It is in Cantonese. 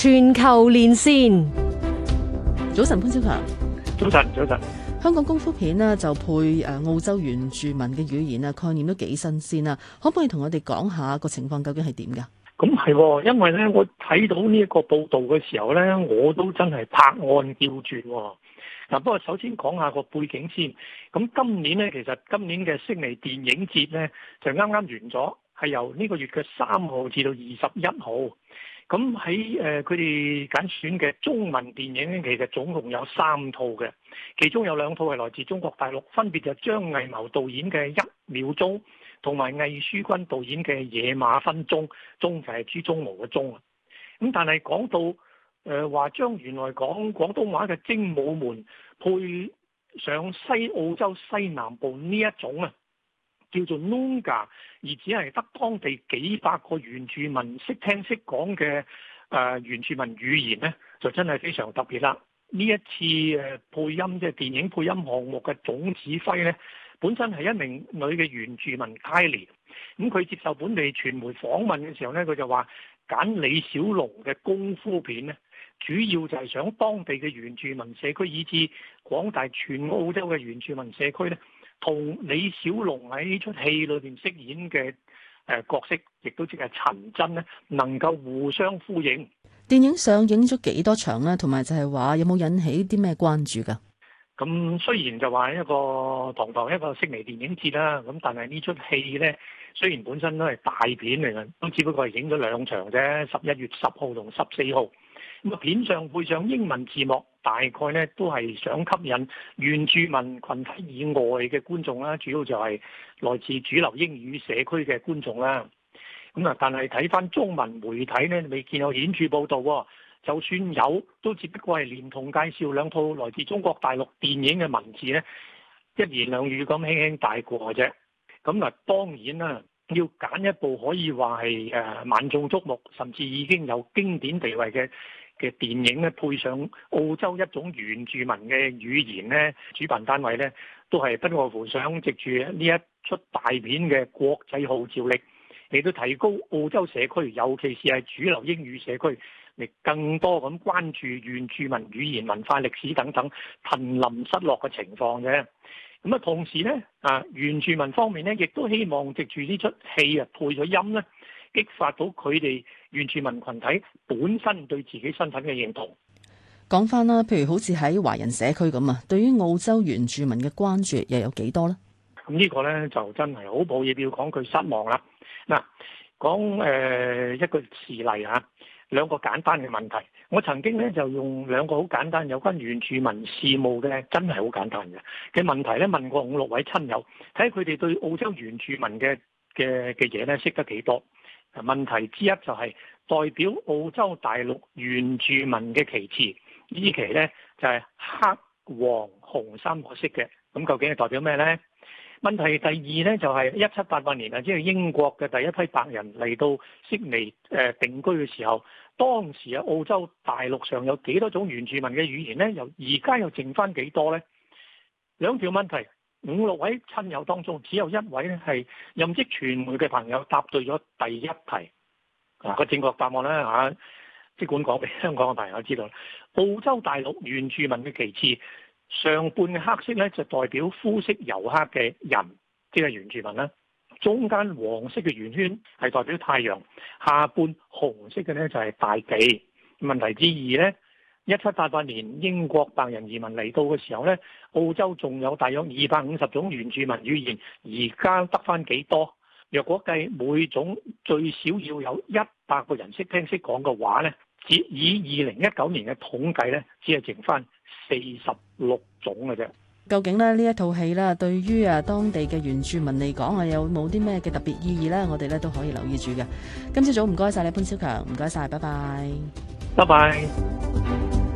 全球連線，早晨潘昭強，早晨早晨。香港功夫片呢就配誒澳洲原住民嘅語言啊，概念都幾新鮮啊，可唔可以同我哋講下個情況究竟係點噶咁、嗯、係，因為呢，我睇到呢一個報道嘅時候呢，我都真係拍案叫絕。嗱，不過首先講下個背景先。咁今年呢，其實今年嘅悉尼電影節呢，就啱啱完咗，係由呢個月嘅三號至到二十一號。咁喺誒佢哋揀選嘅中文電影，其實總共有三套嘅，其中有兩套係來自中國大陸，分別就張藝謀導演嘅《一秒鐘》同埋魏書君導演嘅《野馬分鬃》，鬃就係豬鬃毛嘅鬃啊。咁但係講到誒話將原來講廣東話嘅《精武門》配上西澳洲西南部呢一種啊，叫做 Nunga，而只係得當地幾百個原住民識聽識講嘅誒、呃、原住民語言呢，就真係非常特別啦！呢一次配音即係、就是、電影配音項目嘅總指揮呢，本身係一名女嘅原住民 Kylie。咁佢接受本地傳媒訪問嘅時候呢，佢就話揀李小龍嘅功夫片呢，主要就係想當地嘅原住民社區以至廣大全澳洲嘅原住民社區呢。同李小龍喺呢齣戲裏邊飾演嘅誒、呃、角色，亦都即係陳真咧，能夠互相呼應。電影上映咗幾多場咧？同埋就係話有冇引起啲咩關注噶？咁、嗯、雖然就話一個堂堂一個悉尼電影節啦，咁但係呢齣戲咧，雖然本身都係大片嚟嘅，都只不過係影咗兩場啫。十一月十號同十四號，咁啊片上配上英文字幕。大概咧都係想吸引原住民群體以外嘅觀眾啦，主要就係來自主流英語社區嘅觀眾啦。咁啊，但係睇翻中文媒體呢，未見有顯著報導，哦。就算有，都只不過係連同介紹兩套來自中國大陸電影嘅文字呢，一言兩語咁輕輕帶過啫。咁啊，當然啦，要揀一部可以話係誒萬眾矚目，甚至已經有經典地位嘅嘅電影咧，配上澳洲一種原住民嘅語言咧，主辦單位咧都係不外乎想藉住呢一出大片嘅國際號召力，嚟到提高澳洲社區，尤其是係主流英語社區，嚟更多咁關注原住民語言、文化、歷史等等瀕臨失落嘅情況嘅。咁啊，同時咧啊，原住民方面咧，亦都希望藉住呢出戲啊，配咗音咧，激發到佢哋原住民群體本身對自己身份嘅認同。講翻啦，譬如好似喺華人社區咁啊，對於澳洲原住民嘅關注又有幾多呢？咁呢個呢，就真係好抱歉，要講句失望啦。嗱、啊，講、呃、一個事例啊，兩個簡單嘅問題。我曾經呢，就用兩個好簡單有關原住民事務嘅，真係好簡單嘅。嘅問題呢，問過五六位親友，睇下佢哋對澳洲原住民嘅嘅嘅嘢呢識得幾多。問題之一就係代表澳洲大陸原住民嘅旗幟，呢旗呢，就係、是、黑、黃、紅三個色嘅。咁究竟係代表咩呢？問題第二呢、就是，就係一七八八年啊，即係英國嘅第一批白人嚟到悉尼誒定居嘅時候，當時啊澳洲大陸上有幾多種原住民嘅語言呢？由而家又剩返幾多呢？兩條問題。五六位親友當中，只有一位咧係任職傳媒嘅朋友答對咗第一題。嗱、啊，那個正確答案咧嚇，即、啊、管講俾香港嘅朋友知道啦。澳洲大陸原住民嘅旗幟，上半嘅黑色咧就代表膚色黝黑嘅人，即係原住民啦。中間黃色嘅圓圈係代表太陽，下半紅色嘅咧就係、是、大地。問題之二咧。一七八八年英國白人移民嚟到嘅時候咧，澳洲仲有大約二百五十種原住民語言，而家得翻幾多？若果計每種最少要有一百個人識聽識講嘅話呢，只以二零一九年嘅統計呢，只係剩翻四十六種嘅啫。究竟咧呢一套戲咧，對於啊當地嘅原住民嚟講係有冇啲咩嘅特別意義呢？我哋咧都可以留意住嘅。今朝早唔該晒你，潘昭強，唔該晒，拜拜，拜拜。